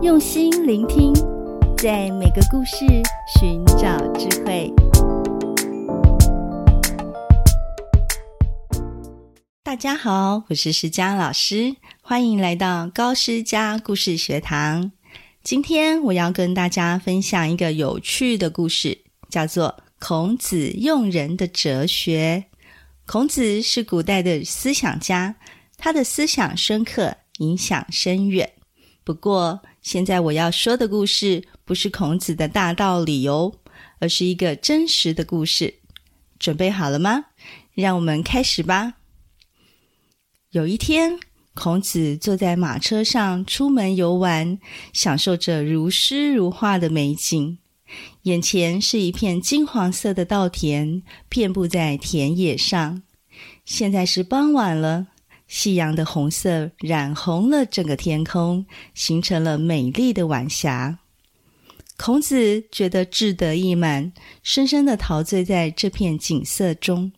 用心聆聽，在每個故事尋找智慧。大家好，我是詩佳老師，歡迎來到高詩佳故事學堂。今天我要跟大家分享一個有趣的故事，叫做《孔子用人的哲學》。孔子是古代的思想家，他的思想深刻，影響深遠。不過，現在我要說的故事不是孔子的大道理哦，而是一個真實的故事。準備好了嗎？讓我們開始吧。有一天，孔子坐在馬車上出門遊玩，享受着如詩如畫的美景。眼前是一片金黃色的稻田，遍布在田野上。現在是傍晚了。夕陽的紅色染紅了整個天空，形成了美麗的晚霞。孔子覺得志得意滿，深深的陶醉在這片景色中。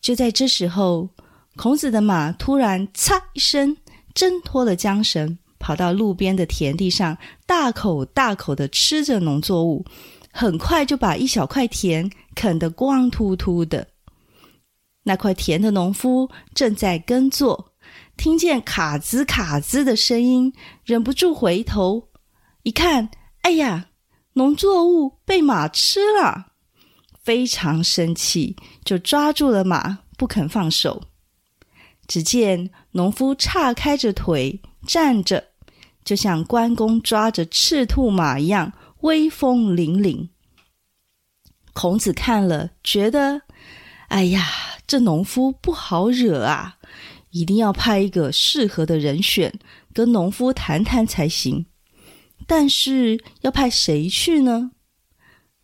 就在這時候，孔子的馬突然“嚓”一聲掙脫了韁繩，跑到路邊的田地上，大口大口的吃着農作物，很快就把一小塊田啃得光禿禿的。那塊田的農夫正在耕作，聽見卡茲卡茲的聲音，忍不住回頭一看，哎呀，農作物被馬吃了，非常生氣，就抓住了馬不肯放手。只見農夫岔開着腿站着，就像關公抓着赤兔馬一樣威風凛凛。孔子看了，覺得。哎呀，這農夫不好惹啊！一定要派一個適合的人選跟農夫談談才行。但是要派誰去呢？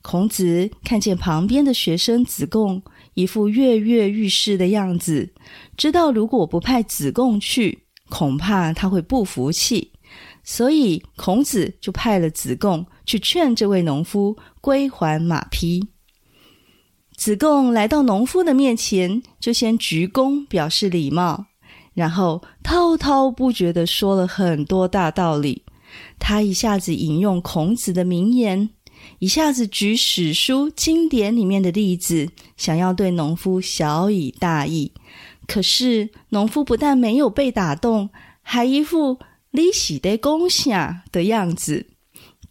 孔子看見旁邊的學生子貢一副躍躍欲試的樣子，知道如果不派子貢去，恐怕他會不服氣，所以孔子就派了子貢去勸這位農夫歸還馬匹。子貢來到農夫的面前，就先鞠躬表示禮貌，然後滔滔不絕地說了很多大道理。他一下子引用孔子的名言，一下子舉史書經典裡面的例子，想要對農夫曉以大義。可是農夫不但沒有被打動，還一副你喜得恭喜啊的樣子。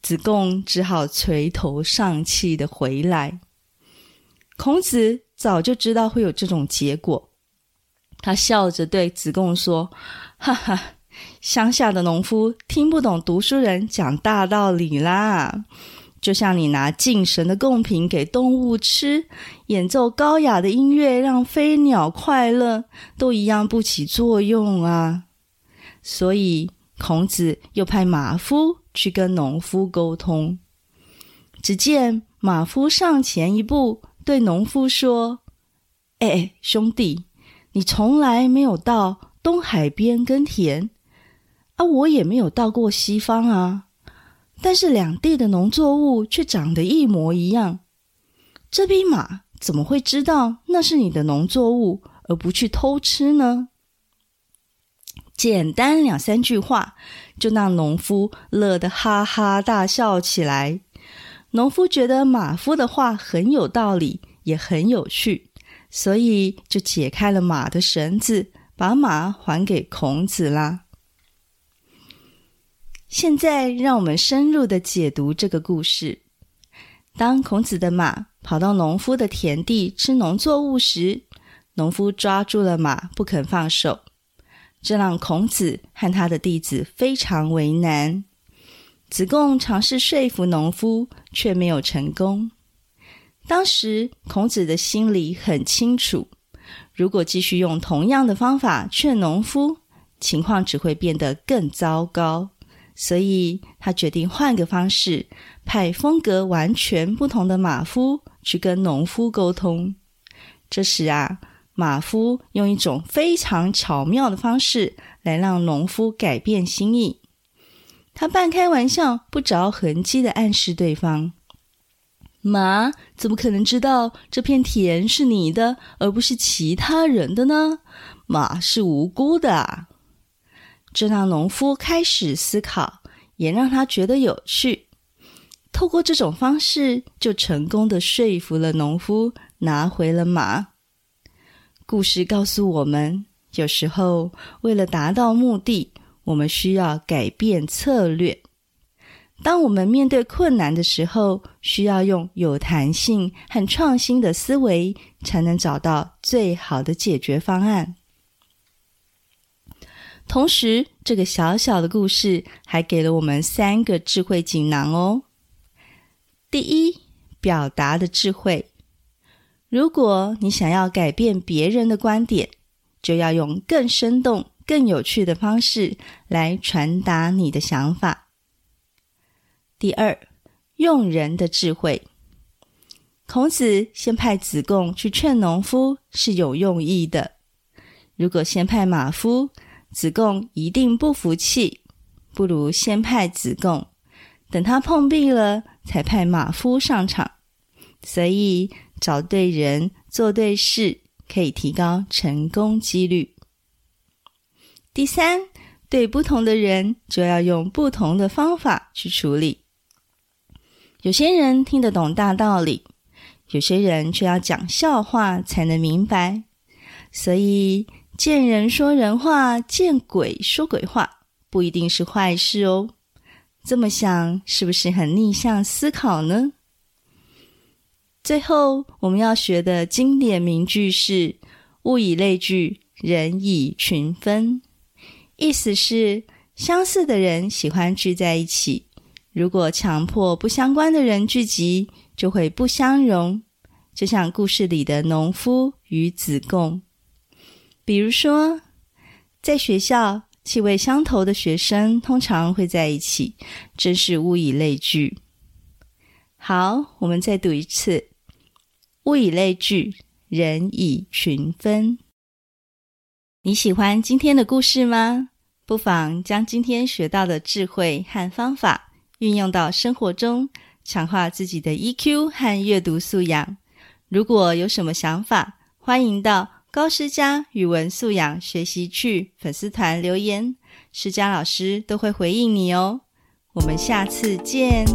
子貢只好垂頭喪氣的回來。孔子早就知道會有這種結果，他笑着對子貢說：“哈哈，鄉下的農夫聽不懂讀書人講大道理啦。就像你拿敬神的貢品給動物吃，演奏高雅的音樂讓飛鳥快樂，都一樣不起作用啊。”所以，孔子又派馬夫去跟農夫溝通。只見馬夫上前一步。對農夫說：“哎，兄弟，你從來沒有到東海邊耕田，啊，我也沒有到過西方啊。但是兩地的農作物卻長得一模一樣。這匹馬怎麼會知道那是你的農作物，而不去偷吃呢？”簡單兩三句話，就讓農夫樂得哈哈大笑起來。農夫覺得馬夫的話很有道理，也很有趣，所以就解開了馬的繩子，把馬還給孔子啦。現在讓我們深入的解讀這個故事。當孔子的馬跑到農夫的田地吃農作物時，農夫抓住了馬不肯放手，這讓孔子和他的弟子非常為難。子貢嘗試說服農夫，卻沒有成功。當時，孔子的心裡很清楚，如果繼續用同樣的方法勸農夫，情況只會變得更糟糕。所以他決定換個方式，派風格完全不同的馬夫去跟農夫溝通。這時啊，馬夫用一種非常巧妙的方式來讓農夫改變心意。他半開玩笑、不着痕跡地暗示對方：“馬怎麼可能知道這片田是你的，而不是其他人的呢？馬是無辜的啊。”這讓農夫開始思考，也讓他覺得有趣。透過這種方式，就成功地說服了農夫拿回了馬。故事告訴我們，有時候為了達到目的。我們需要改變策略。當我們面對困難的時候，需要用有彈性和創新的思維，才能找到最好的解決方案。同時，這個小小的故事還給了我們三個智慧錦囊哦。第一，表達的智慧。如果你想要改變別人的觀點，就要用更生動。更有趣的方式來傳達你的想法。第二，用人的智慧。孔子先派子貢去勸農夫是有用意的。如果先派馬夫，子貢一定不服氣，不如先派子貢，等他碰壁了，才派馬夫上場。所以，找對人，做對事，可以提高成功幾率。第三，對不同的人就要用不同的方法去處理。有些人聽得懂大道理，有些人卻要講笑話才能明白。所以，見人說人話，見鬼說鬼話，不一定是壞事哦。這麼想是不是很逆向思考呢？最後，我們要學的經典名句是“物以類聚，人以群分”。意思是，相似的人喜歡聚在一起。如果強迫不相關的人聚集，就會不相容。就像故事裡的農夫與子貢。比如說，在學校，氣味相投的學生通常會在一起，真是物以類聚。好，我們再讀一次：物以類聚，人以群分。你喜歡今天的故事嗎？不妨將今天學到的智慧和方法運用到生活中，強化自己的 EQ 和閱讀素養。如果有什麼想法，歡迎到高詩佳語文素養學習趣粉絲團留言，詩佳老師都會回應你哦。我們下次見。